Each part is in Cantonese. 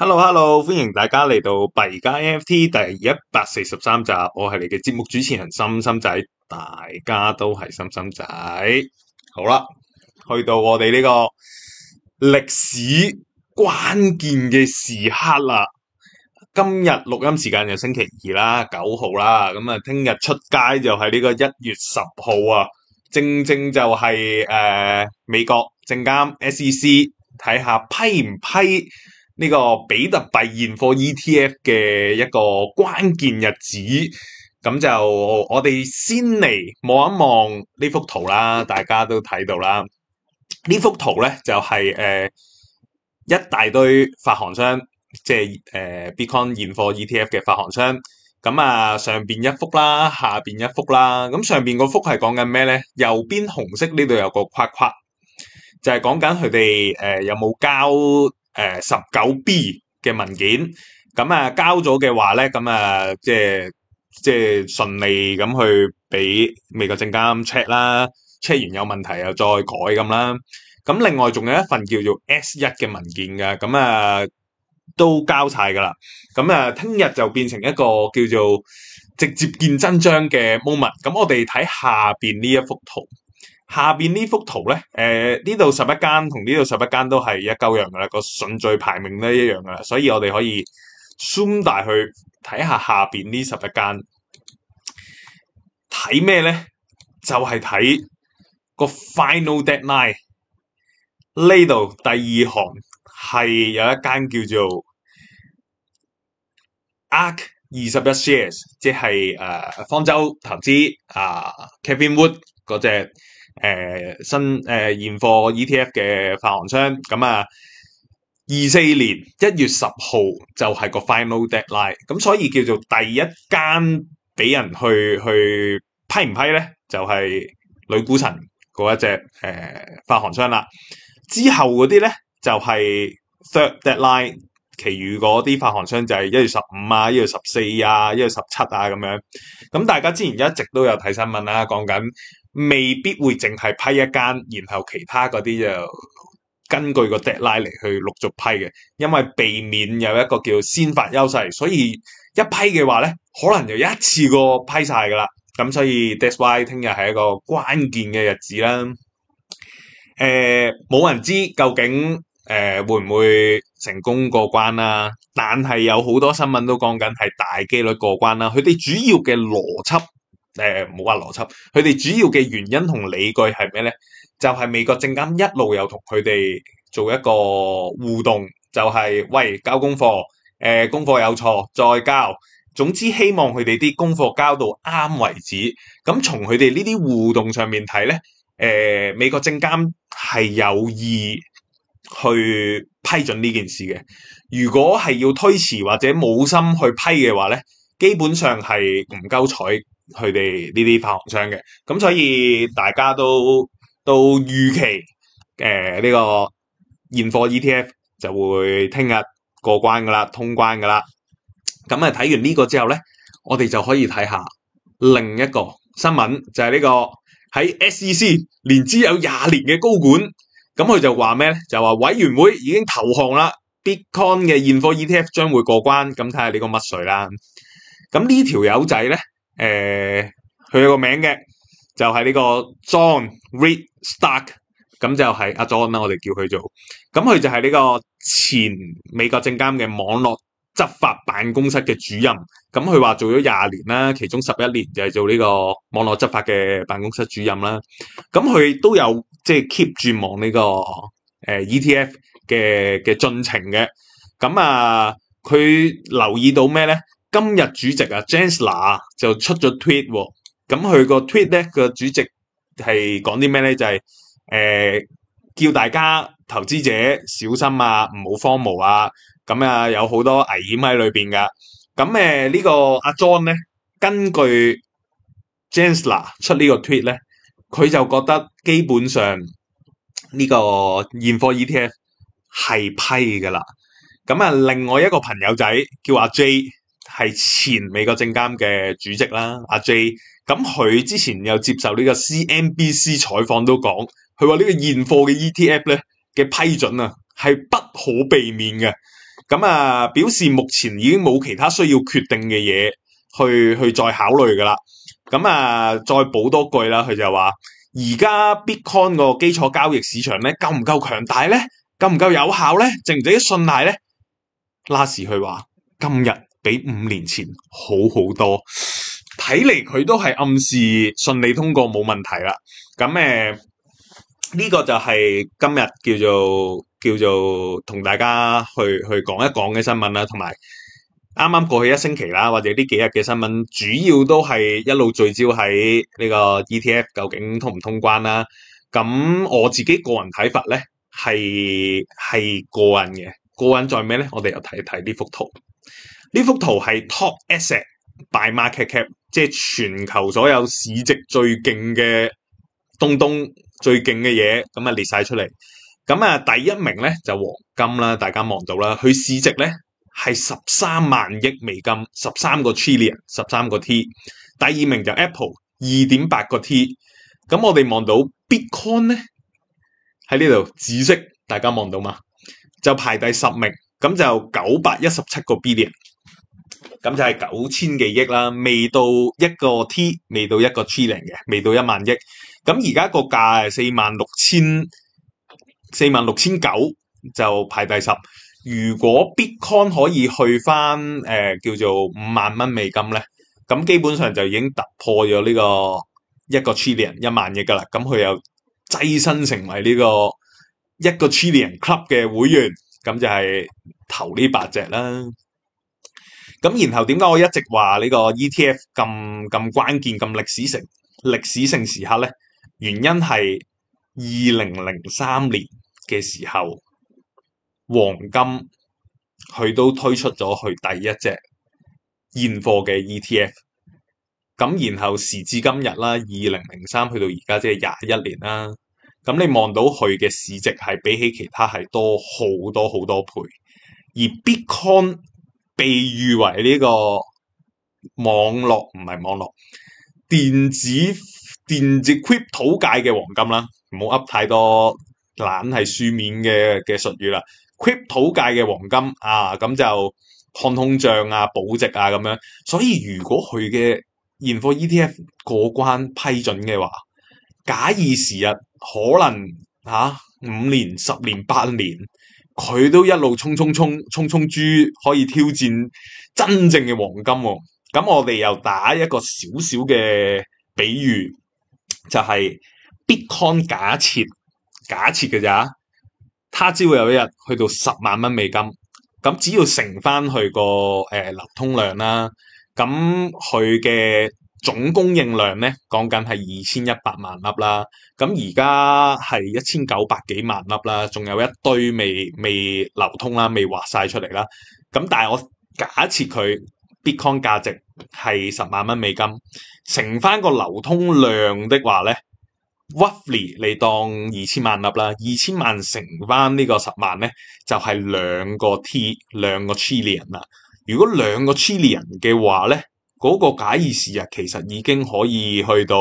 hello hello，歡迎大家嚟到幣加 NFT 第一百四十三集，我係你嘅節目主持人心心仔，大家都係心心仔，好啦，去到我哋呢個歷史關鍵嘅時刻啦，今日錄音時間就星期二啦，九號啦，咁啊，聽日出街就係呢個一月十號啊，正正就係、是、誒、呃、美國證監 SEC 睇下批唔批。呢個比特幣現貨 ETF 嘅一個關鍵日子，咁就我哋先嚟望一望呢幅圖啦，大家都睇到啦。呢幅圖咧就係、是、誒、呃、一大堆發行商，即係誒、呃、Bitcoin 現貨 ETF 嘅發行商。咁啊，上邊一幅啦，下邊一幅啦。咁上邊嗰幅係講緊咩咧？右邊紅色呢度有個框框，就係講緊佢哋誒有冇交。誒十九 B 嘅文件，咁啊交咗嘅話咧，咁啊即係即係順利咁去俾美國證監 check 啦，check 完有問題又再改咁啦，啊。咁另外仲有一份叫做 S 一嘅文件噶，咁啊都交晒㗎啦。咁啊聽日就變成一個叫做直接見真章嘅 moment。咁我哋睇下邊呢一幅圖。下邊呢幅圖咧，誒呢度十一間同呢度十一間都係一鳩樣噶啦，個順序排名都一樣噶啦，所以我哋可以 zoom 大去睇下下邊呢十一間，睇咩咧？就係、是、睇個 final deadline。呢度第二行係有一間叫做 Ark 二十一 Shares，即係誒、呃、方舟投資啊 Cathie Wood 嗰隻。誒、呃，新誒、呃、現貨 ETF 嘅發行商，咁啊，二四年一月十號就係個 final deadline，咁所以叫做第一間俾人去去批唔批咧，就係、是、女古神嗰一隻誒、呃、發行商啦。之後嗰啲咧就係、是、third deadline，其餘嗰啲發行商就係一月十五啊、一月十四啊、一月十七啊咁樣。咁大家之前一直都有睇新聞啦、啊，講緊。未必會淨係批一間，然後其他嗰啲就根據個 deadline 嚟去陸續批嘅，因為避免有一個叫先發優勢，所以一批嘅話咧，可能就一次過批晒噶啦。咁所以 That's why 聽日係一個關鍵嘅日子啦。誒、呃，冇人知究竟誒、呃、會唔會成功過關啦、啊？但係有好多新聞都講緊係大機率過關啦、啊。佢哋主要嘅邏輯。誒冇話邏輯，佢哋主要嘅原因同理據係咩咧？就係、是、美國證監一路有同佢哋做一個互動，就係、是、喂交功課，誒、呃、功課有錯再交，總之希望佢哋啲功課交到啱為止。咁從佢哋呢啲互動上面睇咧，誒、呃、美國證監係有意去批准呢件事嘅。如果係要推遲或者冇心去批嘅話咧，基本上係唔夠取。佢哋呢啲發行商嘅，咁所以大家都都預期，誒、呃、呢、呢個現貨 ETF 就會聽日過關噶啦，通關噶啦。咁啊睇完呢個之後咧，我哋就可以睇下另一個新聞，就係、是、呢、呢個喺 SEC 連續有廿年嘅高管，咁佢就話咩咧？就話委員會已經投降啦，Bitcoin 嘅現貨 ETF 將會過關，咁睇下呢個乜水啦。咁呢條友仔咧。誒，佢、呃、有個名嘅，就係、是、呢個 John Reed Stark 咁就係、是、阿、啊、John 啦，我哋叫佢做。咁佢就係呢個前美國證監嘅網絡執法辦公室嘅主任。咁佢話做咗廿年啦，其中十一年就係做呢個網絡執法嘅辦公室主任啦。咁佢都有即係、就是、keep 住望呢個誒、呃、ETF 嘅嘅進程嘅。咁啊，佢、呃、留意到咩咧？今日主席啊 Jensler 就出咗 tweet，咁、哦、佢個 tweet 咧個主席係講啲咩咧？就係、是、誒、呃、叫大家投資者小心啊，唔好荒謬啊，咁、嗯、啊有好多危險喺裏邊噶。咁、嗯、誒、嗯這個啊、呢個阿 John 咧，根據 Jensler 出個呢個 tweet 咧，佢就覺得基本上呢個現貨 ETF 係批噶啦。咁、嗯、啊另外一個朋友仔叫阿、啊、J。係前美國證監嘅主席啦，阿 J，咁佢之前又接受呢個 CNBC 採訪都講，佢話呢個現貨嘅 ETF 咧嘅批准啊，係不可避免嘅。咁啊，表示目前已經冇其他需要決定嘅嘢去去再考慮噶啦。咁啊，再補多句啦，佢就話：而家 Bitcoin 個基礎交易市場咧，夠唔夠強大咧？夠唔夠有效咧？值唔值得信賴咧？拉斯佢話：今日。比五年前好好多，睇嚟佢都係暗示順利通過冇問題啦。咁誒，呢個就係今日叫做叫做同大家去去講一講嘅新聞啦。同埋啱啱過去一星期啦，或者呢幾日嘅新聞，主要都係一路聚焦喺呢個 ETF 究竟通唔通關啦。咁我自己個人睇法咧，係係過癮嘅，過癮在咩咧？我哋又睇一睇呢幅圖。呢幅圖係 Top Asset 大 market cap 即係全球所有市值最勁嘅東東，最勁嘅嘢，咁啊列晒出嚟。咁啊第一名咧就黃金啦，大家望到啦。佢市值咧係十三萬億美金，十三個 trillion，十三個 T。第二名就 Apple，二點八個 T。咁我哋望到 Bitcoin 咧喺呢度紫色，大家望到嘛，就排第十名，咁就九百一十七個 billion。咁就係九千幾億啦，未到一個 T，未到一個 trillion 嘅，未到一萬億。咁而家個價係四萬六千，四萬六千九就排第十。如果 Bitcoin 可以去翻誒、呃、叫做五萬蚊美金咧，咁基本上就已經突破咗呢個一個 trillion 一萬億噶啦。咁佢又躋身成為呢個一個 trillion club 嘅會員，咁就係頭呢八隻啦。咁然後點解我一直話呢個 ETF 咁咁關鍵，咁歷史性歷史性時刻咧？原因係二零零三年嘅時候，黃金佢都推出咗佢第一隻現貨嘅 ETF。咁然後時至今日啦，二零零三去到而家即係廿一年啦。咁你望到佢嘅市值係比起其他係多好多好多倍，而 Bitcoin。被譽為呢個網絡唔係網絡電子電子 crypto 界嘅黃金啦，唔好噏太多懶係書面嘅嘅術語啦。crypto 界嘅黃金啊，咁就抗通脹啊、保值啊咁樣。所以如果佢嘅現貨 ETF 過關批准嘅話，假以時日，可能吓啊、五年、十年、八年。佢都一路衝衝衝衝衝豬，可以挑戰真正嘅黃金喎，哦。咁我哋又打一個少少嘅比喻，就係、是、Bitcoin 假設假設嘅咋，他朝會有一日去到十萬蚊美金。咁只要乘翻佢個誒流通量啦，咁佢嘅。總供應量咧講緊係二千一百萬粒啦，咁而家係一千九百幾萬粒啦，仲有一堆未未流通啦，未挖晒出嚟啦。咁但係我假設佢 Bitcoin 價值係十萬蚊美金，乘翻個流通量的話咧，roughly 你當二千萬粒啦，二千萬乘翻呢個十萬咧，就係兩個 T 兩個 trillion 啦。如果兩個 trillion 嘅話咧，嗰個假意時日、啊、其實已經可以去到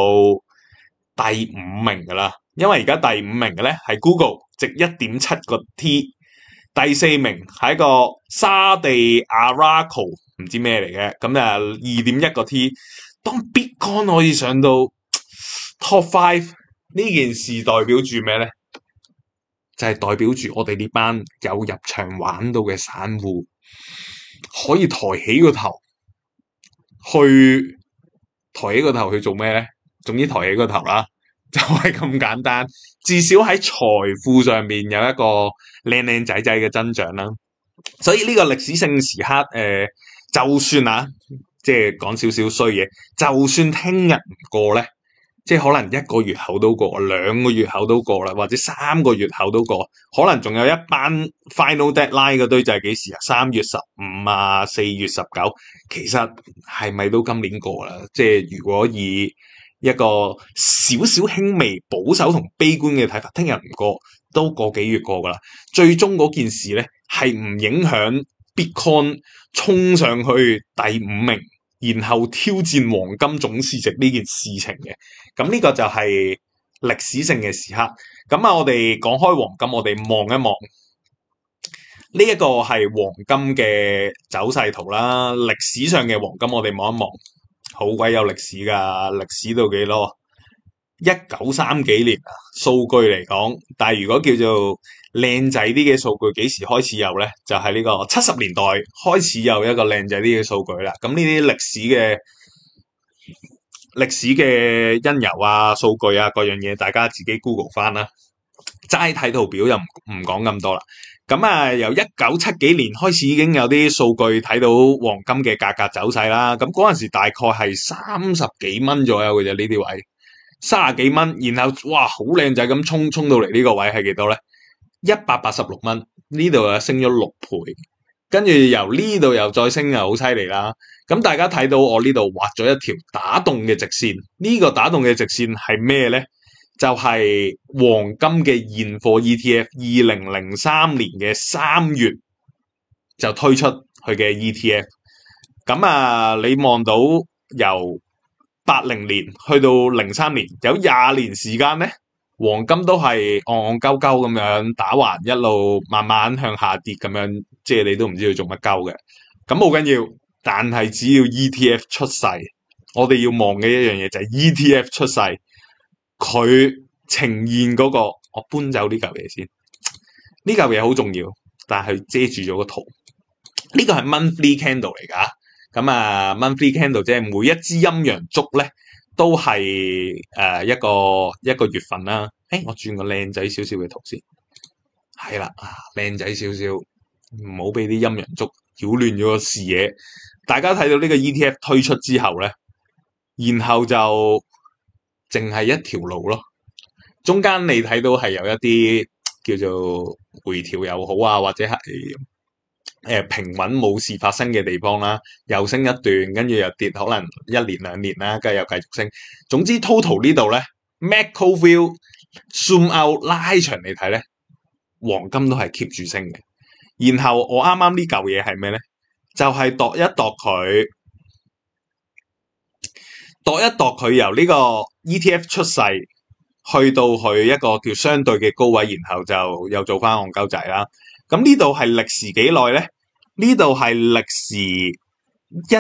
第五名噶啦，因為而家第五名嘅咧係 Google，值一點七個 T。第四名係一個沙地 Aramco，唔知咩嚟嘅，咁啊二點一個 T。當 Bitcoin 可以上到 Top Five 呢件事代表住咩咧？就係代表住我哋呢班有入場玩到嘅散戶可以抬起個頭。去抬起個頭去做咩咧？總之抬起個頭啦，就係咁簡單。至少喺財富上面有一個靚靚仔仔嘅增長啦。所以呢個歷史性時刻，誒，就算啊，即係講少少衰嘢，就算聽日唔過咧。即係可能一個月後都過，兩個月後都過啦，或者三個月後都過。可能仲有一班 final deadline 嘅堆就係幾時啊？三月十五啊，四月十九。其實係咪都今年過啦？即係如果以一個少少輕微保守同悲觀嘅睇法，聽日唔過都過幾月過噶啦。最終嗰件事咧係唔影響 Bitcoin 衝上去第五名。然後挑戰黃金總市值呢件事情嘅，咁、這、呢個就係歷史性嘅時刻。咁啊，我哋講開黃金，我哋望一望呢一個係黃金嘅走勢圖啦。歷史上嘅黃金我看看，我哋望一望，好鬼有歷史噶，歷史都幾多？一九三幾年啊，數據嚟講，但係如果叫做。靚仔啲嘅數據幾時開始有咧？就係呢個七十年代開始有一個靚仔啲嘅數據啦。咁呢啲歷史嘅歷史嘅因由啊、數據啊、各樣嘢，大家自己 Google 翻啦。齋睇圖表就唔唔講咁多啦。咁啊，由一九七幾年開始已經有啲數據睇到黃金嘅價格走勢啦。咁嗰陣時大概係三十幾蚊左右嘅啫，呢啲位三十幾蚊。然後哇，好靚仔咁衝衝到嚟呢個位係幾多咧？一百八十六蚊呢度啊，升咗六倍，跟住由呢度又再升又好犀利啦。咁大家睇到我呢度畫咗一條打戙嘅直線，呢、這個打戙嘅直線係咩咧？就係、是、黃金嘅現貨 ETF，二零零三年嘅三月就推出佢嘅 ETF。咁啊，你望到由八零年去到零三年，有廿年時間咩？黃金都係戇戇鳩鳩咁樣打橫一路慢慢向下跌咁樣，即係你都唔知佢做乜鳩嘅。咁冇緊要，但係只要 ETF 出世，我哋要望嘅一樣嘢就係、是、ETF 出世，佢呈現嗰、那個。我搬走呢嚿嘢先，呢嚿嘢好重要，但係佢遮住咗個圖。呢、這個係 monthly candle 嚟㗎，咁啊 monthly candle 即係每一支陰陽燭咧。都係誒、呃、一個一個月份啦。誒、欸，我轉個靚仔少少嘅圖先。係啦，啊靚仔少少，唔好俾啲陰陽燭，擾亂咗個視野。大家睇到呢個 ETF 推出之後咧，然後就淨係一條路咯。中間你睇到係有一啲叫做回調又好啊，或者係。誒，平穩冇事發生嘅地方啦，又升一段，跟住又跌，可能一年兩年啦，跟住又繼續升。總之，total 呢度咧，macro view zoom out 拉長嚟睇咧，黃金都係 keep 住升嘅。然後我啱啱呢嚿嘢係咩咧？就係度一度佢，度一度佢由呢個 ETF 出世，去到佢一個叫相對嘅高位，然後就又做翻戇鳩仔啦。咁呢度係歷時幾耐咧？呢度係歷時一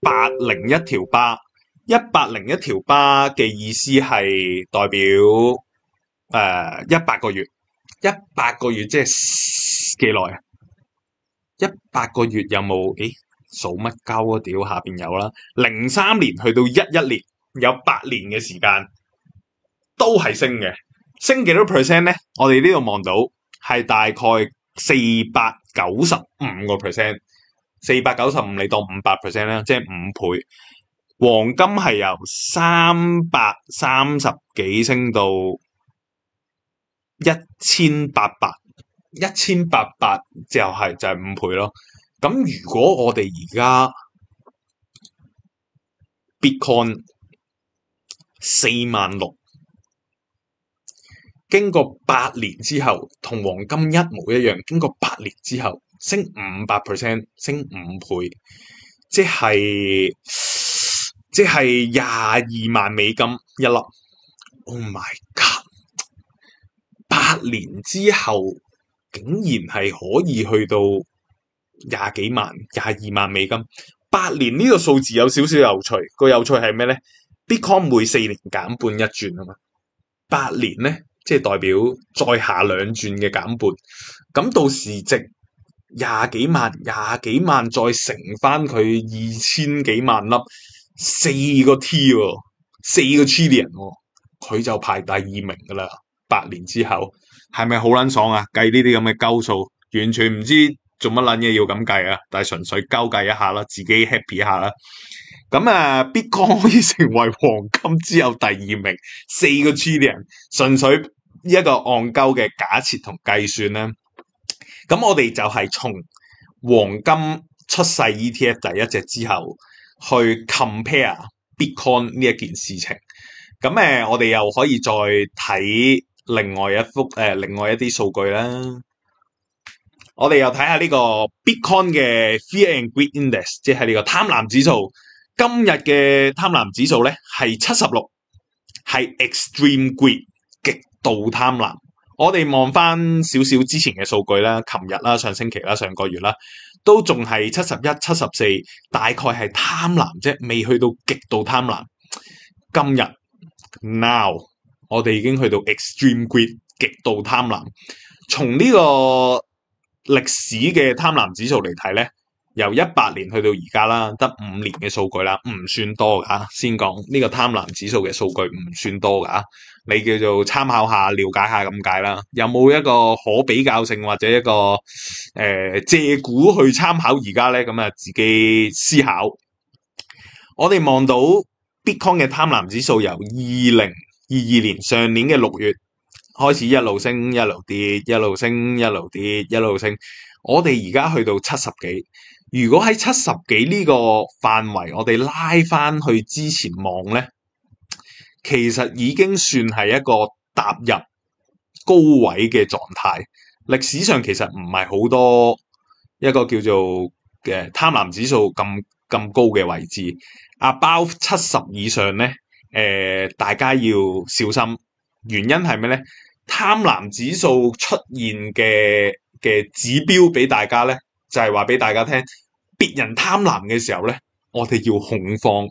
百零一條巴，一百零一條巴嘅意思係代表誒一百個月，一百個月即係幾耐啊？一百個月有冇？誒數乜鳩啊！屌，下邊有啦，零三年去到一一年，有八年嘅時間都係升嘅，升幾多 percent 咧？我哋呢度望到係大概四百。九十五個 percent，四百九十五你當五百 percent 咧，即係五倍。黃金係由三百三十幾升到一千八百，一千八百就係就係五倍咯。咁如果我哋而家 Bitcoin 四萬六。經過八年之後，同黃金一模一樣。經過八年之後，升五百 percent，升五倍，即係即係廿二萬美金一粒。Oh my god！八年之後，竟然係可以去到廿幾萬、廿二萬美金。八年呢個數字有少少有趣，個有趣係咩咧？Bitcoin 每四年減半一轉啊嘛，八年咧。即係代表再下兩轉嘅減半，咁到時值廿幾萬，廿幾萬再乘翻佢二千幾萬粒，四個 T，四、哦、個 Trillion 佢、哦、就排第二名噶啦。八年之後，係咪好撚爽啊？計呢啲咁嘅勾數，完全唔知做乜撚嘢要咁計啊！但係純粹交計一下啦，自己 happy 一下啦。咁啊 Bitcoin 可以成為黃金之後第二名，四個 Trillion 純粹，呢一個按鈎嘅假設同計算咧，咁我哋就係從黃金出世 ETF 第一隻之後去 compare Bitcoin 呢一件事情，咁誒我哋又可以再睇另外一幅誒、呃、另外一啲數據啦。我哋又睇下呢個 Bitcoin 嘅 Fear and Greed Index，即係呢個貪婪指數。今日嘅貪婪指數咧係七十六，係 Extreme Greed 極度貪婪，我哋望翻少少之前嘅數據啦。琴日啦、上星期啦、上個月啦，都仲係七十一、七十四，大概係貪婪啫，未去到極度貪婪。今日 now，我哋已經去到 extreme greed 極度貪婪。從呢個歷史嘅貪婪指數嚟睇咧，由一八年去到而家啦，得五年嘅數據啦，唔算多噶。先講呢個貪婪指數嘅數據唔算多噶。你叫做參考下、了解下咁解啦，有冇一個可比較性或者一個誒、呃、借古去參考而家咧？咁啊，自己思考。我哋望到 Bitcoin 嘅貪婪指數由二零二二年上年嘅六月開始一路升、一路跌、一路升、一路跌、一路升。我哋而家去到七十幾，如果喺七十幾呢個範圍，我哋拉翻去之前望咧。其實已經算係一個踏入高位嘅狀態。歷史上其實唔係好多一個叫做嘅貪婪指數咁咁高嘅位置。above 七十以上咧，誒、呃，大家要小心。原因係咩咧？貪婪指數出現嘅嘅指標俾大家咧，就係話俾大家聽，別人貪婪嘅時候咧，我哋要恐慌。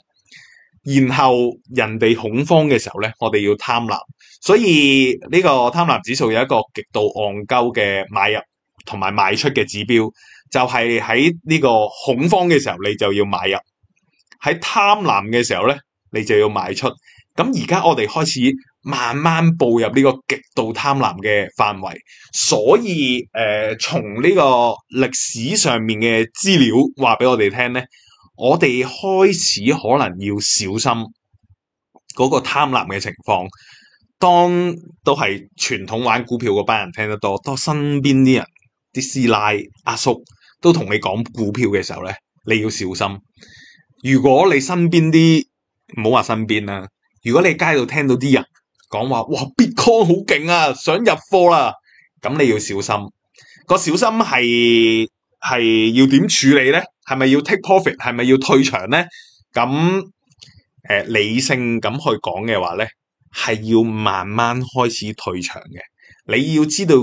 然後人哋恐慌嘅時候咧，我哋要貪婪，所以呢個貪婪指數有一個極度戇鳩嘅買入同埋賣出嘅指標，就係喺呢個恐慌嘅時候你就要買入，喺貪婪嘅時候咧你就要賣出。咁而家我哋開始慢慢步入呢個極度貪婪嘅範圍，所以誒，從、呃、呢個歷史上面嘅資料話俾我哋聽咧。我哋開始可能要小心嗰個貪婪嘅情況。當都係傳統玩股票嗰班人聽得多，當身邊啲人、啲師奶、阿、啊、叔都同你講股票嘅時候咧，你要小心。如果你身邊啲唔好話身邊啦，如果你喺街度聽到啲人講話，哇，Bitcoin 好勁啊，想入貨啦，咁你要小心。個小心係。係要點處理咧？係咪要 take profit？係咪要退場咧？咁誒、呃，理性咁去講嘅話咧，係要慢慢開始退場嘅。你要知道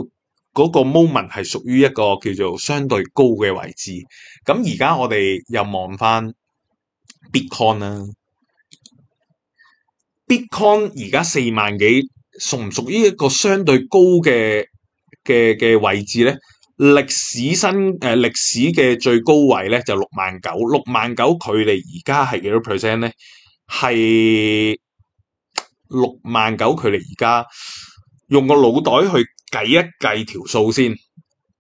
嗰個 moment 係屬於一個叫做相對高嘅位置。咁而家我哋又望翻 Bitcoin 啦，Bitcoin 而家四萬幾，屬唔屬於一個相對高嘅嘅嘅位置咧？歷史新誒、呃、歷史嘅最高位咧就六萬九，六萬九距離而家係幾多 percent 咧？係六萬九距離而家用個腦袋去計一計條數先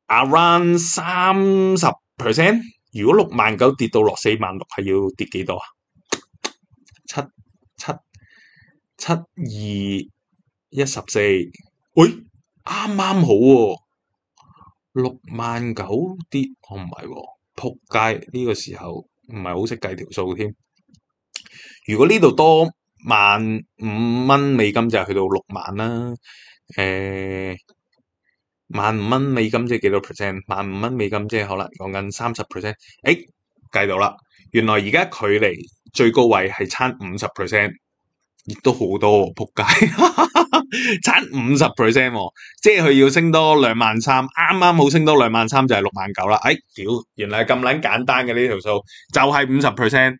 ，around 三十 percent。如果六萬九跌到落四萬六，係要跌幾多啊？7, 7, 7, 2, 1、哎、剛剛好啊？七七七二一十四，喂，啱啱好喎。六萬九跌，我唔係喎，仆街！呢個時候唔係好識計條數添。如果呢度多萬五蚊美金，就去到六萬啦。誒、呃，萬五蚊美金即係幾多 percent？萬五蚊美金即係可能講緊三十 percent。誒，計到啦，原來而家距離最高位係差五十 percent，亦都好多喎、哦，仆街！ 差五十 percent，即係佢要升多兩萬三，啱啱好升多兩萬三，就係六萬九啦。哎，屌，原來咁捻簡單嘅呢條數，就係五十 percent，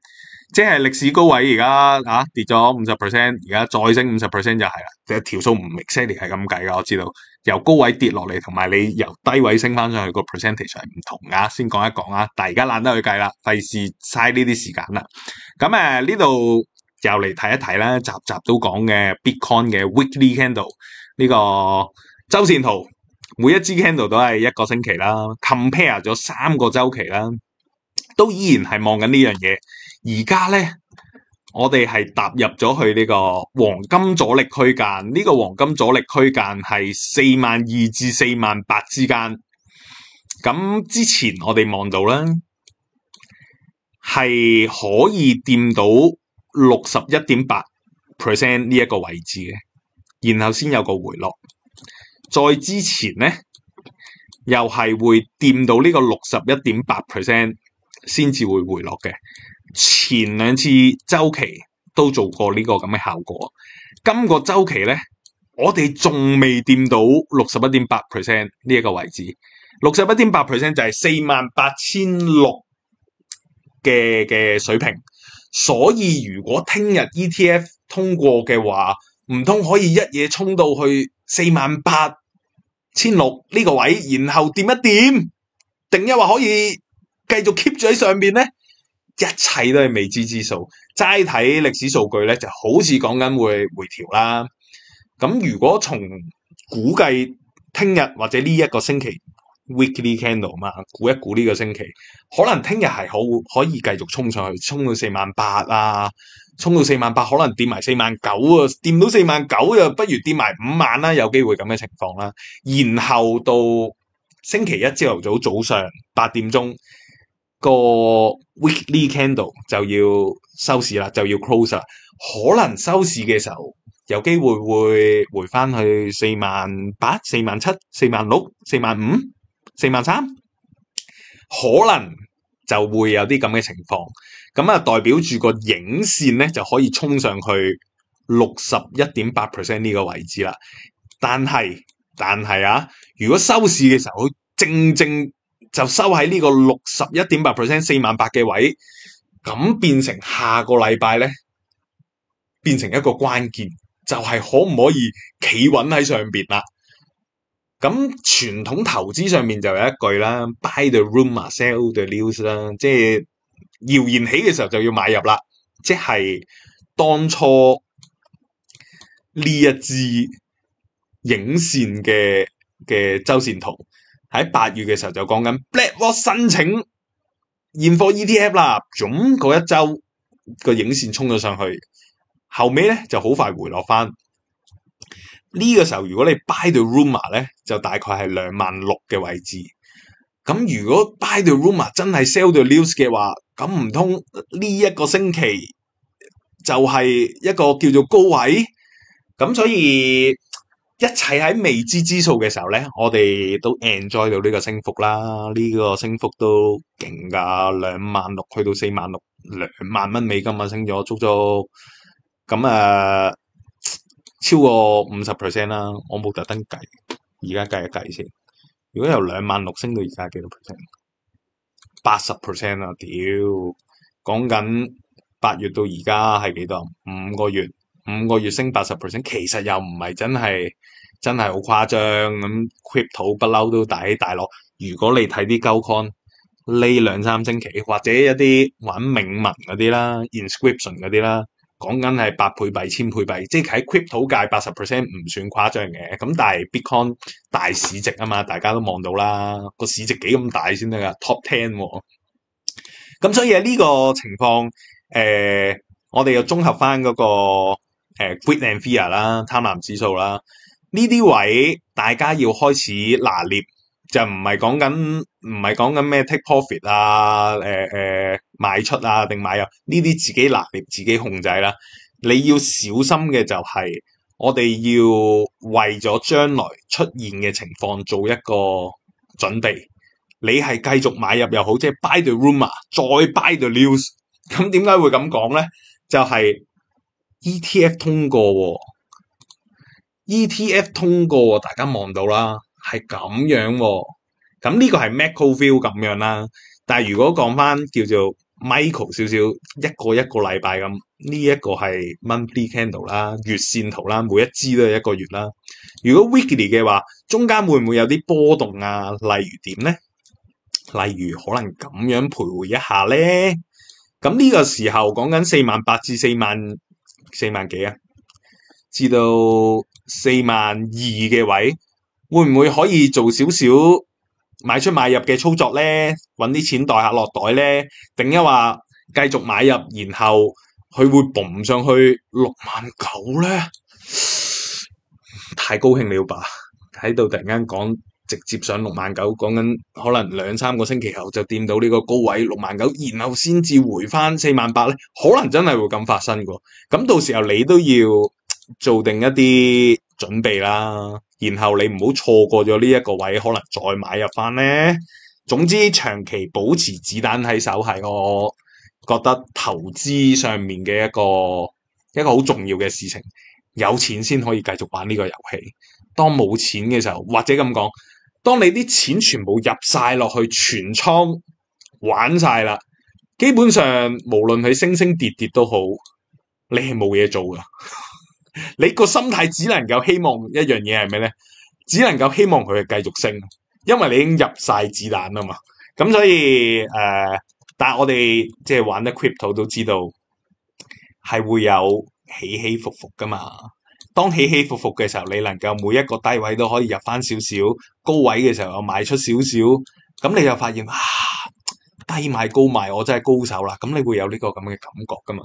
即係歷史高位而家吓跌咗五十 percent，而家再升五十 percent 就係、是、啦。即條數唔 exactly 係咁計噶，我知道由高位跌落嚟，同埋你由低位升翻上去個 percentage 係唔同噶。先講一講啊，但係而家懶得去計啦，費事嘥呢啲時間啦。咁誒呢度。呃又嚟睇一睇啦，集集都講嘅 Bitcoin 嘅 Weekly Candle 呢個周線圖，每一支 candle 都係一個星期啦，compare 咗三個週期啦，都依然係望緊呢樣嘢。而家咧，我哋係踏入咗去呢個黃金阻力區間，呢個黃金阻力區間係四萬二至四萬八之間。咁之前我哋望到啦，係可以掂到。六十一點八 percent 呢一個位置嘅，然後先有個回落。再之前咧，又係會掂到呢個六十一點八 percent 先至會回落嘅。前兩次週期都做過呢個咁嘅效果。今個週期咧，我哋仲未掂到六十一點八 percent 呢一個位置。六十一點八 percent 就係四萬八千六嘅嘅水平。所以如果聽日 ETF 通過嘅話，唔通可以一夜衝到去四萬八千六呢個位，然後掂一掂，定又話可以繼續 keep 住喺上邊呢？一切都係未知之數，齋睇歷史數據呢，就好似講緊會回調啦。咁如果從估計聽日或者呢一個星期，weekly candle 嘛，估一估呢個星期，可能聽日係好可以繼續衝上去，衝到四萬八啊，衝到四萬八可能跌埋四萬九啊，跌到四萬九又不如跌埋五萬啦，有機會咁嘅情況啦。然後到星期一朝頭早早上八點鐘個 weekly candle 就要收市啦，就要 close 啦。可能收市嘅時候有機會會回翻去四萬八、四萬七、四萬六、四萬五。四萬三，可能就會有啲咁嘅情況，咁啊代表住個影線咧就可以衝上去六十一點八 percent 呢個位置啦。但係但係啊，如果收市嘅時候佢正正就收喺呢個六十一點八 percent 四萬八嘅位，咁變成下個禮拜咧變成一個關鍵，就係可唔可以企穩喺上邊啦？咁傳統投資上面就有一句啦，buy the rumor，sell the news 啦，即係謠言起嘅時候就要買入啦，即係當初呢一支影線嘅嘅周線圖，喺八月嘅時候就講緊 BlackRock 申請現貨 ETF 啦，咁一周個影線衝咗上去，後尾咧就好快回落翻。呢個時候，如果你 buy the rumor 咧，就大概係兩萬六嘅位置。咁如果 buy the rumor 真係 sell the news 嘅話，咁唔通呢一個星期就係一個叫做高位。咁所以一切喺未知之數嘅時候咧，我哋都 enjoy 到呢個升幅啦。呢、這個升幅都勁㗎，兩萬六去到四萬六，兩萬蚊美金啊，升咗足足。咁啊～超過五十 percent 啦，我冇特登計，而家計一計先。如果由兩萬六升到而家幾多 percent？八十 percent 啊，屌！講緊八月到而家係幾多？五個月，五個月升八十 percent，其實又唔係真係真係好誇張咁。Crypto 不嬲都大起大落。如果你睇啲高 con 呢兩三星期，或者一啲玩銘文嗰啲啦，inscription 嗰啲啦。講緊係八倍幣、千倍幣，即係喺 Crypto 界八十 percent 唔算誇張嘅，咁但係 Bitcoin 大市值啊嘛，大家都望到啦，個市值幾咁大先得㗎，Top Ten，咁、哦、所以喺呢個情況，誒、呃，我哋又綜合翻嗰、那個誒 Greed、呃、and Fear 啦，貪婪指數啦，呢啲位大家要開始拿捏，就唔係講緊。唔係講緊咩 take profit 啊，誒誒賣出啊定買入呢啲自己拿捏、自己控制啦。你要小心嘅就係，我哋要為咗將來出現嘅情況做一個準備。你係繼續買入又好，即係 buy the rumor，再 buy the news。咁點解會咁講咧？就係 ETF 通過喎，ETF 通過喎，大家望到啦，係咁樣喎。咁呢個係 Macro View 咁樣啦，但係如果講返叫做 Micro 少少一個一個禮拜咁，呢一個係 monthly candle 啦、月線圖啦，每一支都係一個月啦。如果 weekly 嘅話，中間會唔會有啲波動啊？例如點咧？例如可能咁樣徘徊一下咧。咁呢個時候講緊四萬八至四萬四萬幾啊，至到四萬二嘅位，會唔會可以做少少？賣出買入嘅操作咧，揾啲錢袋下落袋咧，定一話繼續買入，然後佢會嘣上去六萬九咧？太高興了吧！喺度突然間講直接上六萬九，講緊可能兩三個星期後就掂到呢個高位六萬九，然後先至回翻四萬八咧？可能真係會咁發生嘅，咁到時候你都要。做定一啲準備啦，然後你唔好錯過咗呢一個位，可能再買入翻呢。總之，長期保持子彈喺手，係我覺得投資上面嘅一個一個好重要嘅事情。有錢先可以繼續玩呢個遊戲。當冇錢嘅時候，或者咁講，當你啲錢全部入晒落去全倉玩晒啦，基本上無論係升升跌跌都好，你係冇嘢做噶。你個心態只能夠希望一樣嘢係咩咧？只能夠希望佢繼續升，因為你已經入晒子彈啦嘛。咁所以誒、呃，但係我哋即係玩得 crypto 都知道係會有起起伏伏噶嘛。當起起伏伏嘅時候，你能夠每一個低位都可以入翻少少，高位嘅時候又賣出少少，咁你就發現哇、啊，低買高賣我真係高手啦。咁你會有呢個咁嘅感覺噶嘛？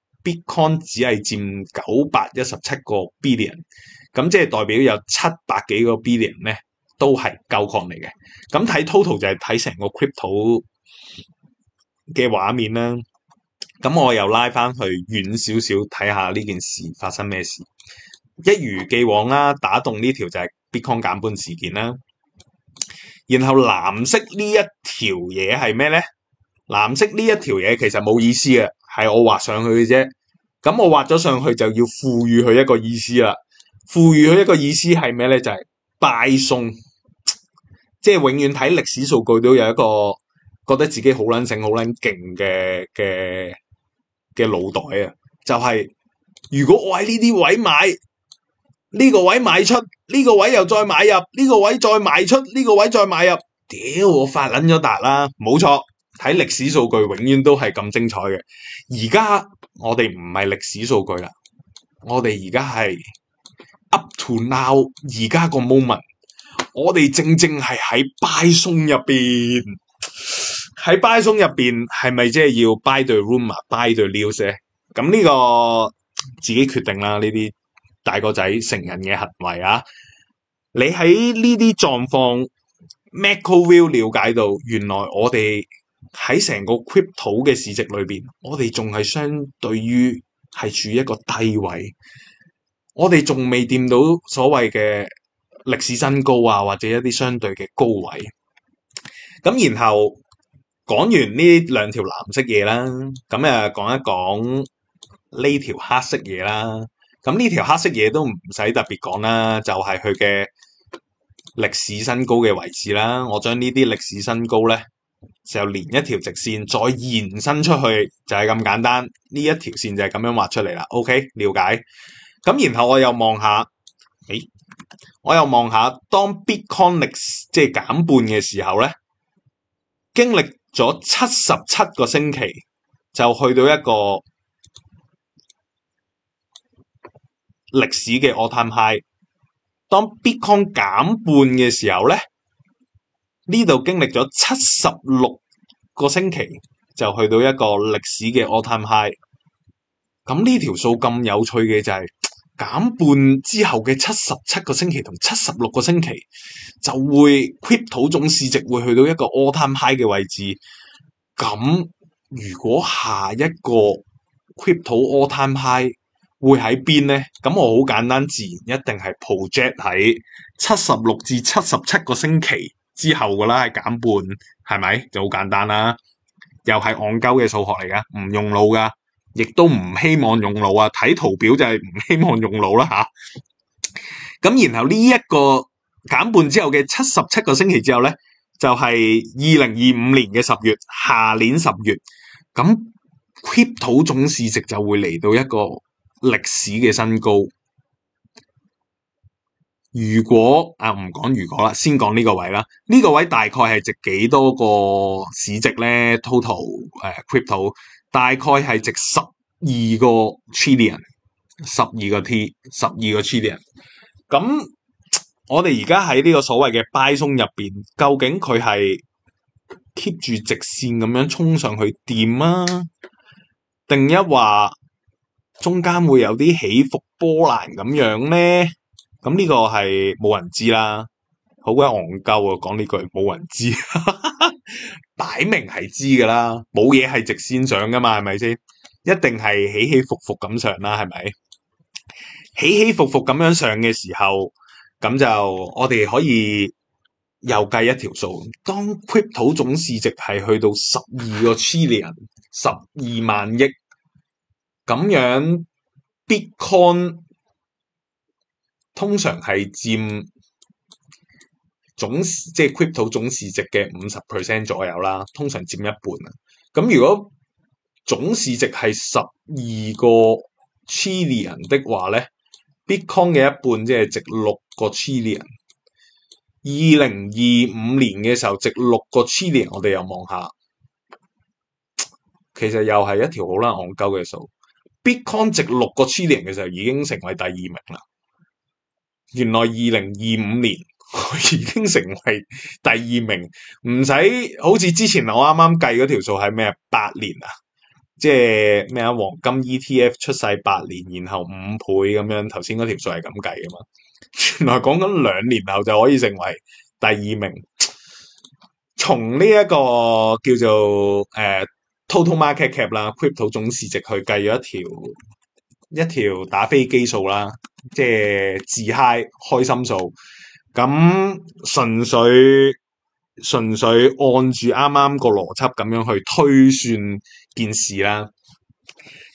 Bitcoin 只係佔九百一十七個 billion，咁即係代表有七百幾個 billion 咧，都係夠抗嚟嘅。咁睇 total 就係睇成個 crypto 嘅畫面啦。咁我又拉翻去遠少少睇下呢件事發生咩事。一如既往啦、啊，打動呢條就係 Bitcoin 減半事件啦。然後藍色一條呢一條嘢係咩咧？藍色呢一條嘢其實冇意思嘅。係我畫上去嘅啫。咁我畫咗上去就要賦予佢一個意思啦。賦予佢一個意思係咩咧？就係、是、拜送，即係永遠睇歷史數據都有一個覺得自己好撚醒、好撚勁嘅嘅嘅腦袋啊！就係、是、如果我喺呢啲位買，呢、這個位賣出，呢、這個位又再買入，呢、這個位再賣出，呢、這個位再買入，屌我發撚咗達啦！冇 錯樂。睇歷史數據永遠都係咁精彩嘅，而家我哋唔係歷史數據啦，我哋而家係 up to now 而家個 moment，我哋正正係喺 bu bu bu buy 送入邊，喺 buy 送入邊係咪即係要 buy the rumor，buy the news 咧？咁呢個自己決定啦，呢啲大個仔成人嘅行為啊，你喺呢啲狀況，macro view 了解到原來我哋。喺成個 crypto 嘅市值裏邊，我哋仲係相對於係處於一個低位，我哋仲未掂到所謂嘅歷史新高啊，或者一啲相對嘅高位。咁然後講完呢兩條藍色嘢啦，咁誒講一講呢條黑色嘢啦。咁呢條黑色嘢都唔使特別講啦，就係佢嘅歷史新高嘅位置啦。我將呢啲歷史新高咧。就連一條直線再延伸出去，就係咁簡單，呢一條線就係咁樣畫出嚟啦。OK，了解。咁然後我又望下，哎，我又望下，當 Bitcoin 歷即係減半嘅時候咧，經歷咗七十七個星期就去到一個歷史嘅 All-Time High。當 Bitcoin 減半嘅時候咧。呢度經歷咗七十六個星期，就去到一個歷史嘅 all-time high。咁呢條數咁有趣嘅就係、是、減半之後嘅七十七個星期同七十六個星期就會 Crypto 總市值會去到一個 all-time high 嘅位置。咁如果下一個 Crypto all-time high 會喺邊呢？咁我好簡單，自然一定係 project 喺七十六至七十七個星期。之後噶啦，係減半，係咪就好簡單啦？又係戇鳩嘅數學嚟噶，唔用腦噶，亦都唔希望用腦啊！睇圖表就係唔希望用腦啦吓，咁、啊、 然後呢一個減半之後嘅七十七個星期之後咧，就係二零二五年嘅十月，下年十月，咁 Crypto 總市值就會嚟到一個歷史嘅新高。如果啊唔講如果啦，先講呢個位啦。呢個位大概係值幾多個市值咧？Total 誒、呃、，crypto 大概係值十二個 trillion，十二個 T，十二個 trillion。咁我哋而家喺呢個所謂嘅 buy zone 入邊，究竟佢係 keep 住直線咁樣衝上去掂啊？定一話中間會有啲起伏波瀾咁樣咧？咁呢、嗯這個係冇人知啦，好鬼戇鳩啊！講呢句冇人知，擺 明係知噶啦，冇嘢係直線上噶嘛，係咪先？一定係起起伏伏咁上啦，係咪？起起伏伏咁樣上嘅時候，咁就我哋可以又計一條數，當 Crypto 總市值係去到十二個 Trillion，十二萬億咁樣，Bitcoin。通常係佔總即係 crypto 總市值嘅五十 percent 左右啦，通常佔一半啊。咁如果總市值係十二個 trillion 的話咧，Bitcoin 嘅一半即係值六個 trillion。二零二五年嘅時候值六個 trillion，我哋又望下，其實又係一條好難戇鳩嘅數。Bitcoin 值六個 trillion 嘅時候已經成為第二名啦。原來二零二五年佢已經成為第二名，唔使好似之前我啱啱計嗰條數係咩八年啊，即係咩啊黃金 ETF 出世八年，然後五倍咁樣，頭先嗰條數係咁計噶嘛？原來講緊兩年後就可以成為第二名，從呢、這、一個叫做誒、呃、Total Market Cap 啦，Crypto 全球總市值去計咗一條。一條打飛機數啦，即係自 high 開心數。咁純粹純粹按住啱啱個邏輯咁樣去推算件事啦。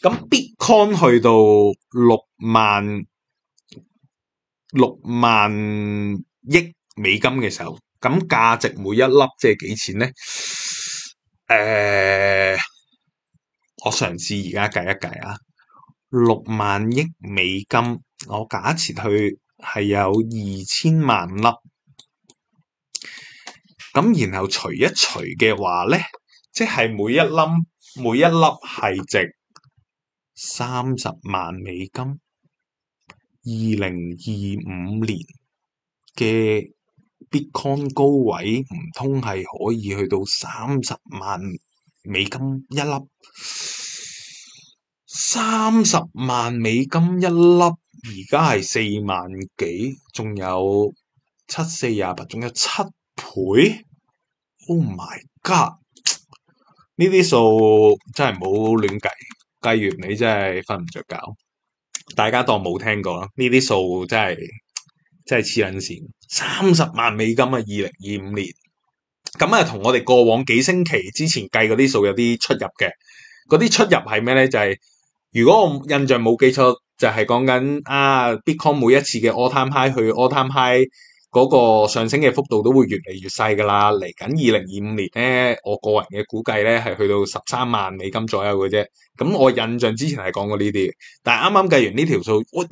咁 Bitcoin 去到六萬六萬億美金嘅時候，咁價值每一粒即係幾錢咧？誒、呃，我嘗試而家計一計啊！六萬億美金，我假設佢係有二千萬粒，咁然後除一除嘅話呢，即係每一粒每一粒係值三十萬美金。二零二五年嘅 Bitcoin 高位唔通係可以去到三十萬美金一粒？三十萬美金一粒，而家係四萬幾，仲有七四廿八，仲有七倍。Oh my god！呢啲數真係唔好亂計，計完你真係瞓唔着覺。大家當冇聽過啦，呢啲數真係真係黐捻線。三十萬美金啊，二零二五年咁啊，同我哋過往幾星期之前計嗰啲數有啲出入嘅。嗰啲出入係咩咧？就係、是。如果我印象冇記錯，就係講緊啊 Bitcoin 每一次嘅 All Time High 去 All Time High 嗰個上升嘅幅度都會越嚟越細㗎啦。嚟緊二零二五年咧，我個人嘅估計咧係去到十三萬美金左右嘅啫。咁我印象之前係講過呢啲，但係啱啱計完呢條數，我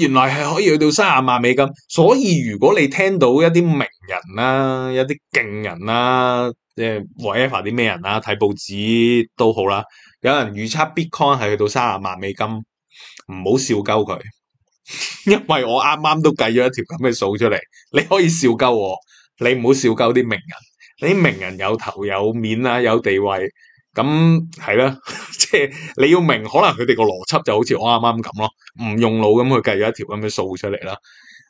原來係可以去到三十萬美金。所以如果你聽到一啲名人啦、啊、一啲勁人啦、啊，即係 whatever 啲咩人啦、啊，睇報紙都好啦。有人預測 Bitcoin 係去到卅萬美金，唔好笑鳩佢， 因為我啱啱都計咗一條咁嘅數出嚟，你可以笑鳩我，你唔好笑鳩啲名人，你啲名人有頭有面啦，有地位，咁係啦，即係 你要明，可能佢哋個邏輯就好似我啱啱咁咯，唔用腦咁去計咗一條咁嘅數出嚟啦。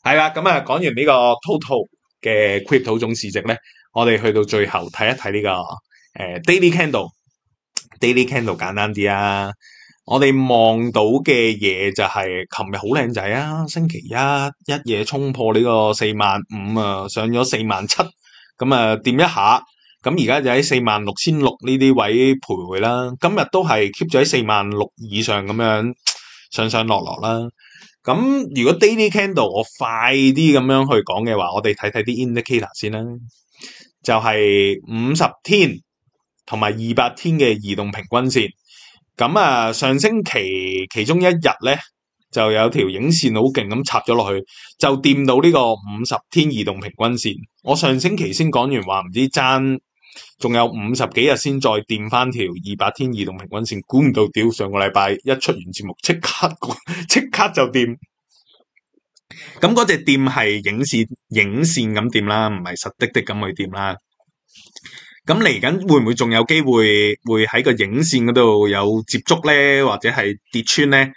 係啦，咁啊講完呢個 Total 嘅 Crypto 總市值咧，我哋去到最後睇一睇呢、這個誒、呃、Daily Candle。Daily candle 簡單啲啊，我哋望到嘅嘢就係琴日好靚仔啊，星期一一夜衝破呢個四萬五啊，上咗四萬七，咁啊掂一下，咁而家就喺四萬六千六呢啲位徘徊啦。今日都係 keep 咗喺四萬六以上咁樣上上落落啦。咁、嗯、如果 daily candle 我快啲咁樣去講嘅話，我哋睇睇啲 indicator 先啦，就係五十天。同埋二百天嘅移動平均線，咁啊上星期其中一日咧，就有條影線好勁咁插咗落去，就掂到呢個五十天移動平均線。我上星期先講完話，唔知爭仲有五十幾日先再掂翻條二百天移動平均線，估唔到屌，上個禮拜一出完節目，即刻即刻就掂。咁嗰隻掂係影線影線咁掂啦，唔係實滴滴咁去掂啦。咁嚟緊會唔會仲有機會會喺個影線嗰度有接觸咧，或者係跌穿咧？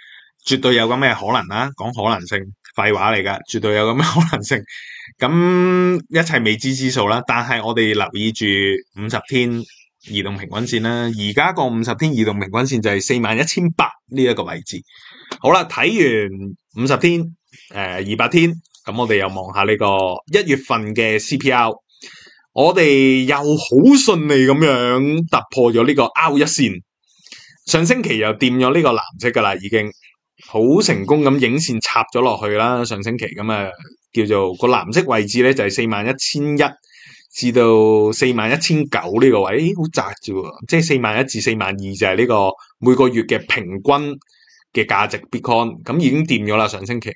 絕對有咁嘅可能啦，啊，講可能性，廢話嚟㗎，絕對有咁嘅可能性。咁一切未知之數啦，但係我哋留意住五十天移動平均線啦，而家個五十天移動平均線就係四萬一千八呢一個位置。好啦，睇完五十天，誒、呃，二百天，咁我哋又望下呢個一月份嘅 CPI。我哋又好順利咁樣突破咗呢個 R 一線，上線，上星期又掂咗呢個藍色噶啦，已經好成功咁影線插咗落去啦。上星期咁啊，叫做個藍色位置咧就係四萬一千一至到四萬一千九呢個位，好、欸、窄啫、啊、喎！即係四萬一至四萬二就係、是、呢個每個月嘅平均嘅價值 Bitcoin，咁已經掂咗啦上星期。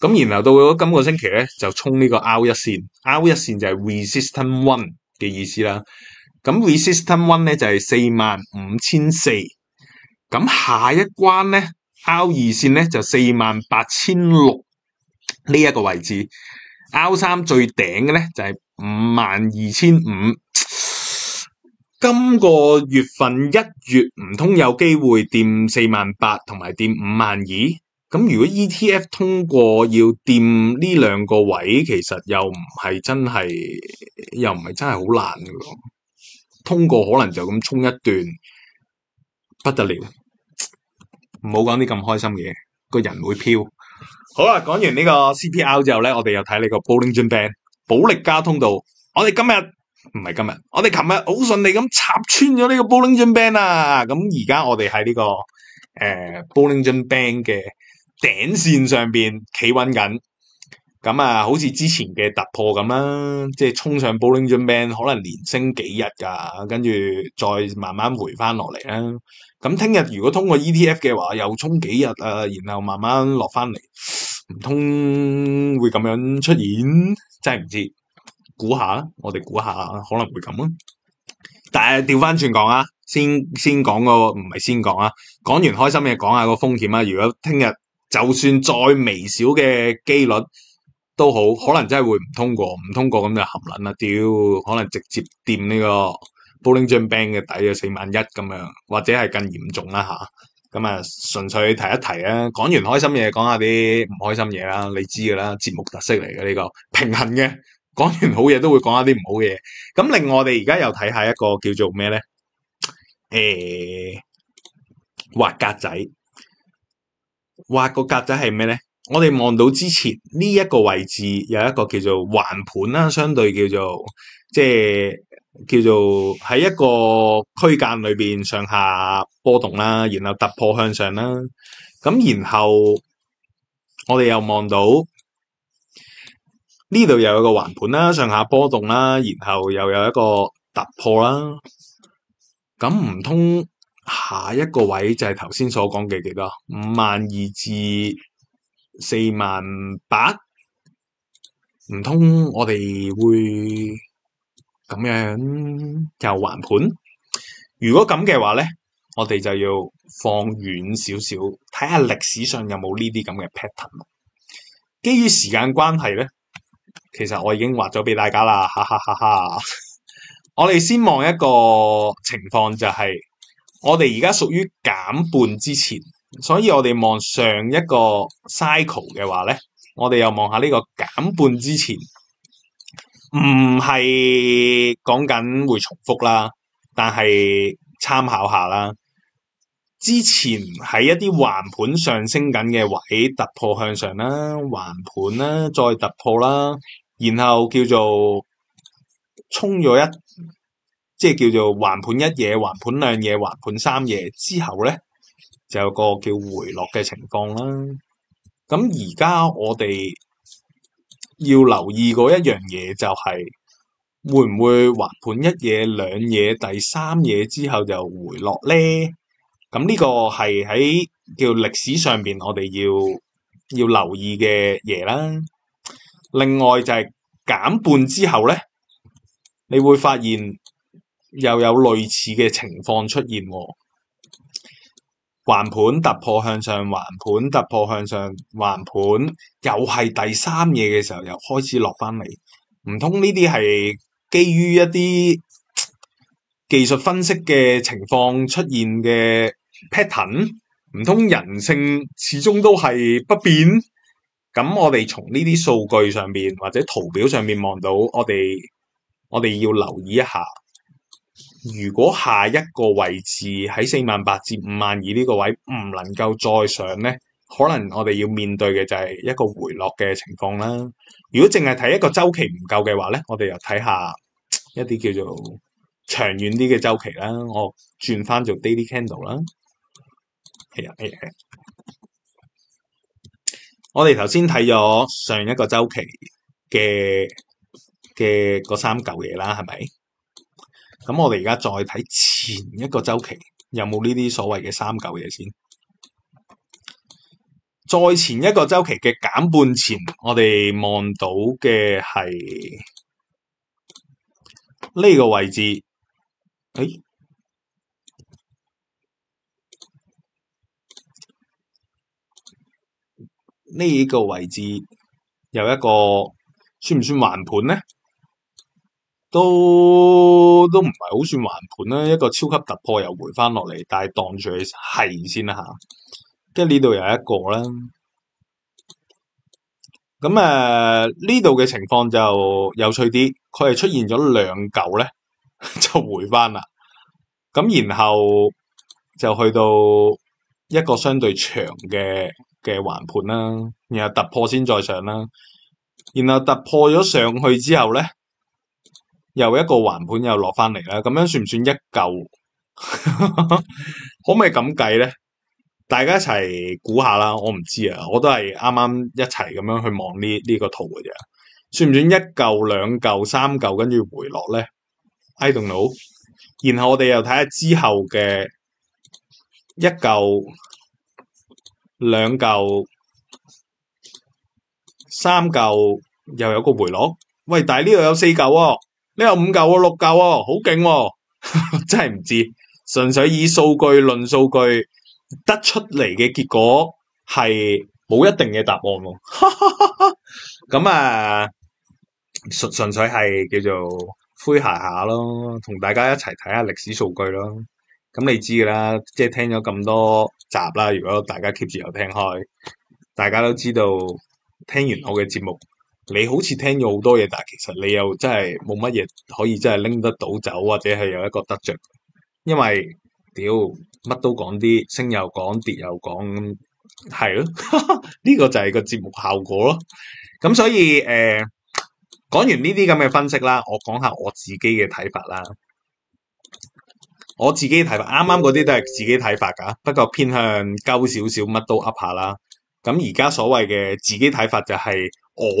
咁然後到咗今個星期咧，就衝呢個 R 一線，R 一線就係 Resistance One 嘅意思啦。咁 Resistance One 咧就係四萬五千四，咁下一關咧 R 二線咧就四萬八千六呢一個位置，R 三最頂嘅咧就係五萬二千五。今個月份一月唔通有機會掂四萬八，同埋掂五萬二？咁如果 E.T.F. 通過要掂呢兩個位，其實又唔係真係，又唔係真係好難噶咯。通過可能就咁衝一段不得了，唔好講啲咁開心嘅嘢，個人會飄。好啦、啊，講完呢個 C.P.R. 之後咧，我哋又睇呢個 Bollinger Band 保力加通道。我哋今日唔係今日，我哋琴日好順利咁插穿咗呢個 Bollinger Band 啊。咁而家我哋喺呢個誒 Bollinger Band 嘅。呃頂線上邊企穩緊，咁啊，好似之前嘅突破咁啦、啊，即係衝上 Bollinger Band 可能連升幾日㗎、啊，跟住再慢慢回翻落嚟啦。咁聽日如果通過 ETF 嘅話，又衝幾日啊，然後慢慢落翻嚟，唔通會咁樣出現？真係唔知，估下啦，我哋估下可能會咁啊。但係調翻轉講啊，先先講、個唔係先講啊，講完開心嘅講下個風險啊。如果聽日，就算再微小嘅機率都好，可能真係會唔通過，唔通過咁就含撚啦，屌，可能直接掂呢個 Bollinger Band 嘅底嘅四萬一咁樣，或者係更嚴重啦吓，咁啊純、嗯、粹提一提啊，講完開心嘢，講下啲唔開心嘢啦，你知噶啦，節目特色嚟嘅呢個平衡嘅，講完好嘢都會講下啲唔好嘢，咁另外我哋而家又睇下一個叫做咩咧？誒、欸，畫格仔。挖個格仔係咩咧？我哋望到之前呢一個位置有一個叫做橫盤啦，相對叫做即係叫做喺一個區間裏邊上下波動啦，然後突破向上啦。咁然後我哋又望到呢度又有一個橫盤啦，上下波動啦，然後又有一個突破啦。咁唔通？下一個位就係頭先所講嘅幾多，五萬二至四萬八，唔通我哋會咁樣又橫盤？如果咁嘅話咧，我哋就要放遠少少，睇下歷史上有冇呢啲咁嘅 pattern。基於時間關係咧，其實我已經畫咗俾大家啦，哈哈哈，哈！ 我哋先望一個情況就係、是。我哋而家屬於減半之前，所以我哋望上一個 cycle 嘅話咧，我哋又望下呢個減半之前，唔係講緊會重複啦，但係參考下啦。之前喺一啲橫盤上升緊嘅位突破向上啦，橫盤啦再突破啦，然後叫做衝咗一。即係叫做橫盤一夜，橫盤兩夜，橫盤三夜之後咧，就有個叫回落嘅情況啦。咁而家我哋要留意嗰一樣嘢就係會唔會橫盤一夜，兩夜，第三夜之後就回落咧？咁呢個係喺叫歷史上面我哋要要留意嘅嘢啦。另外就係減半之後咧，你會發現。又有類似嘅情況出現喎，哦，橫盤突破向上，橫盤突破向上，橫盤又係第三嘢嘅時候又開始落翻嚟，唔通呢啲係基於一啲技術分析嘅情況出現嘅 pattern？唔通人性始終都係不變？咁我哋從呢啲數據上面或者圖表上面望到，我哋我哋要留意一下。如果下一個位置喺四萬八至五萬二呢個位唔能夠再上咧，可能我哋要面對嘅就係一個回落嘅情況啦。如果淨係睇一個周期唔夠嘅話咧，我哋又睇下一啲叫做長遠啲嘅周期啦。我轉翻做 daily candle 啦。係啊，係啊。我哋頭先睇咗上一個周期嘅嘅嗰三嚿嘢啦，係咪？咁我哋而家再睇前一個週期有冇呢啲所謂嘅三舊嘢先？再前一個週期嘅減半前，我哋望到嘅係呢個位置。哎，呢、這個位置有一個算唔算橫盤咧？都都唔係好算橫盤啦，一個超級突破又回翻落嚟，但係擋住佢係先啦、啊、吓。跟住呢度有一個啦，咁誒呢度嘅情況就有趣啲，佢係出現咗兩嚿咧， 就回翻啦。咁然後就去到一個相對長嘅嘅橫盤啦，然後突破先再上啦，然後突破咗上去之後咧。又一個橫盤又落翻嚟啦，咁樣算唔算一嚿？ 可唔可以咁計咧？大家一齊估下啦，我唔知啊，我都係啱啱一齊咁樣去望呢呢個圖嘅啫，算唔算一嚿、兩嚿、三嚿，跟住回落咧？I don't know。然後我哋又睇下之後嘅一嚿、兩嚿、三嚿，又有一個回落。喂，但係呢度有四嚿喎、哦。呢又五舊啊，六舊啊，好勁喎！真係唔知，純粹以數據論數據得出嚟嘅結果係冇一定嘅答案喎。咁啊，純、嗯、純粹係叫做詼諧下咯，同大家一齊睇下歷史數據咯。咁你知噶啦，即係聽咗咁多集啦。如果大家 keep 住有聽開，大家都知道聽完我嘅節目。你好似聽咗好多嘢，但係其實你又真係冇乜嘢可以真係拎得到走，或者係有一個得着。因為屌乜都講啲升又講跌又講，咁係咯，呢、啊、 個就係個節目效果咯。咁所以誒，講、呃、完呢啲咁嘅分析啦，我講下我自己嘅睇法啦。我自己睇法啱啱嗰啲都係自己睇法噶，不過偏向鳩少少，乜都噏下啦。咁而家所謂嘅自己睇法就係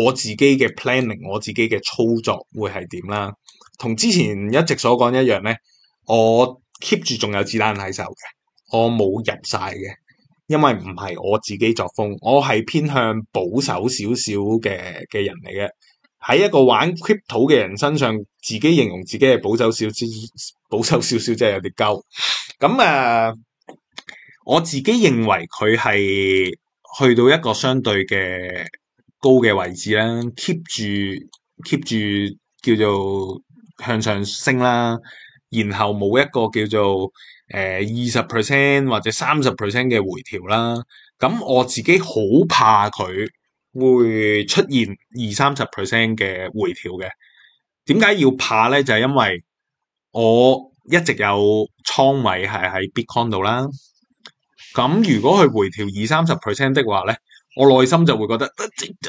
我自己嘅 planning，我自己嘅操作會係點啦？同之前一直所講一樣咧，我 keep 住仲有子彈喺手嘅，我冇入晒嘅，因為唔係我自己作風，我係偏向保守少少嘅嘅人嚟嘅。喺一個玩 crypto 嘅人身上，自己形容自己係保守少少，保守少少真係有啲鳩咁啊！我自己認為佢係。去到一個相對嘅高嘅位置啦，keep 住 keep 住叫做向上升啦，然後冇一個叫做誒二十 percent 或者三十 percent 嘅回調啦。咁我自己好怕佢會出現二三十 percent 嘅回調嘅。點解要怕咧？就係因為我一直有倉位係喺 Bitcoin 度啦。咁如果佢回調二三十 percent 的話咧，我內心就會覺得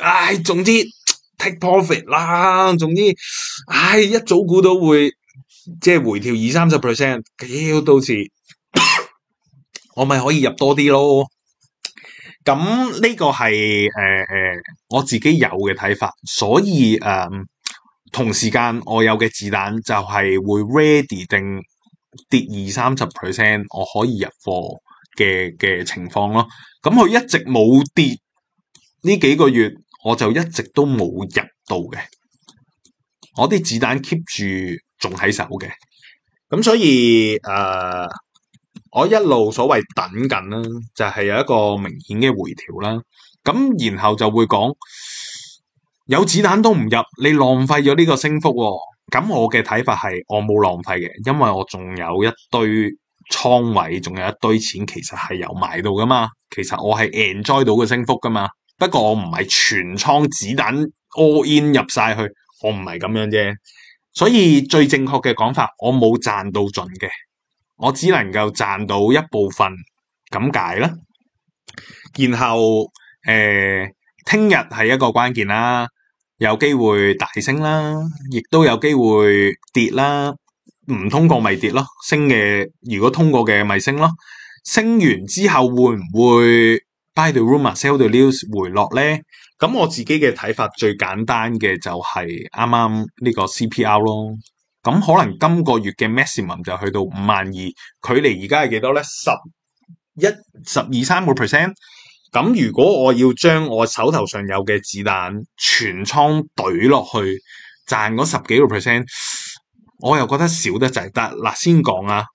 唉、哎，總之 take profit 啦。總之唉、哎，一早估到會即係回調二三十 percent，屌到時我咪可以入多啲咯。咁呢個係誒誒我自己有嘅睇法，所以誒、呃、同時間我有嘅子彈就係會 ready 定跌二三十 percent，我可以入貨。嘅嘅情況咯，咁、嗯、佢一直冇跌呢幾個月，我就一直都冇入到嘅，我啲子彈 keep 住仲喺手嘅，咁、嗯、所以誒、呃，我一路所謂等緊啦，就係、是、有一個明顯嘅回調啦，咁然後就會講有子彈都唔入，你浪費咗呢個升幅喎、哦，咁、嗯、我嘅睇法係我冇浪費嘅，因為我仲有一堆。倉位仲有一堆錢，其實係有買到噶嘛，其實我係 enjoy 到個升幅噶嘛，不過我唔係全倉子彈 all in 入晒去，我唔係咁樣啫，所以最正確嘅講法，我冇賺到盡嘅，我只能夠賺到一部分，咁解啦。然後誒，呃、聽日係一個關鍵啦，有機會大升啦，亦都有機會跌啦。唔通過咪跌咯，升嘅如果通過嘅咪升咯，升完之後會唔會 buy the rumor sell the news 回落咧？咁我自己嘅睇法，最簡單嘅就係啱啱呢個 CPR 咯，咁可能今個月嘅 maximum 就去到五萬二，距離而家係幾多咧？十一十二三個 percent，咁如果我要將我手頭上有嘅子彈全倉懟落去，賺嗰十幾個 percent。我又覺得少得滯，得嗱先講啊，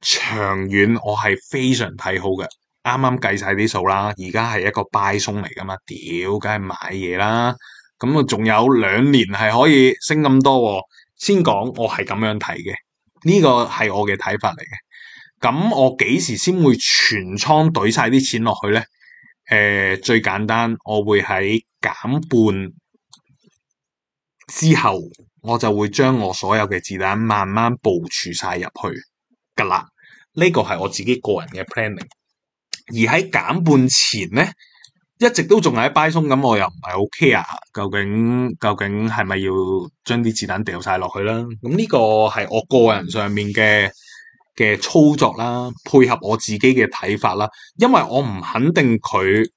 長遠我係非常睇好嘅。啱啱計晒啲數啦，而家係一個派送嚟噶嘛，屌梗係買嘢啦，咁啊仲有兩年係可以升咁多，先講我係咁樣睇嘅，呢個係我嘅睇法嚟嘅。咁我幾時先會全倉懟晒啲錢落去咧？誒、呃，最簡單，我會喺減半之後。我就會將我所有嘅子彈慢慢部署晒入去噶啦，呢、這個係我自己個人嘅 planning。而喺減半前咧，一直都仲喺 buy zone 咁，我又唔係好 care 究竟究竟係咪要將啲子彈掉晒落去啦？咁、嗯、呢、這個係我個人上面嘅嘅操作啦，配合我自己嘅睇法啦，因為我唔肯定佢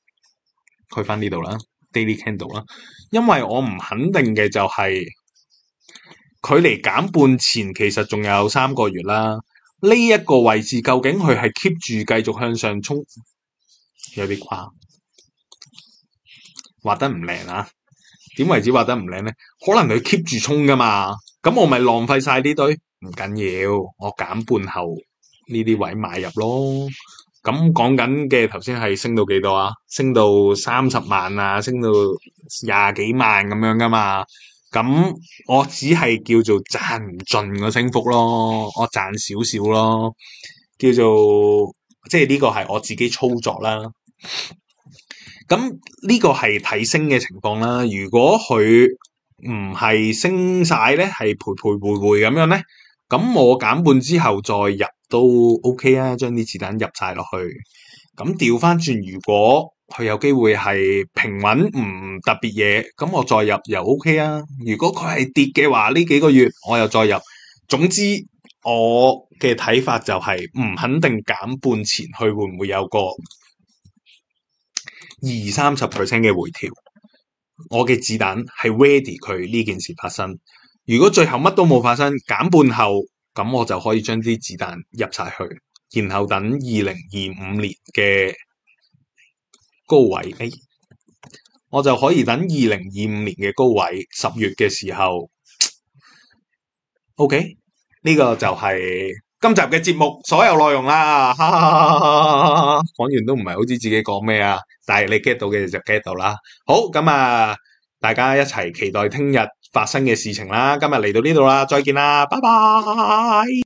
佢返呢度啦，daily candle 啦，因為我唔肯定嘅就係、是。距離減半前其實仲有三個月啦，呢一個位置究竟佢係 keep 住繼續向上衝？有啲誇畫得唔靚啊？點為止畫得唔靚咧？可能佢 keep 住衝噶嘛？咁我咪浪費晒呢堆？唔緊要，我減半後呢啲位買入咯。咁講緊嘅頭先係升到幾多啊？升到三十萬啊？升到廿幾萬咁樣噶嘛？咁我只係叫做賺唔盡個升幅咯，我賺少少咯，叫做即係呢個係我自己操作啦。咁呢個係睇升嘅情況啦。如果佢唔係升晒咧，係徘徊徘徊咁樣咧，咁我減半之後再入都 OK 啊，將啲子彈入晒落去。咁調翻轉，如果。佢有機會係平穩唔特別嘢，咁我再入又 OK 啊。如果佢係跌嘅話，呢幾個月我又再入。總之，我嘅睇法就係唔肯定減半前去會唔會有個二三十 percent 嘅回調。我嘅子彈係 ready，佢呢件事發生。如果最後乜都冇發生，減半後，咁我就可以將啲子彈入晒去，然後等二零二五年嘅。高位、哎，我就可以等二零二五年嘅高位，十月嘅時候，OK，呢個就係今集嘅節目所有內容啦。講完都唔係好知自己講咩啊，但係你 get 到嘅就 get 到啦。好，咁、嗯、啊，大家一齊期待聽日發生嘅事情啦。今日嚟到呢度啦，再見啦，拜拜。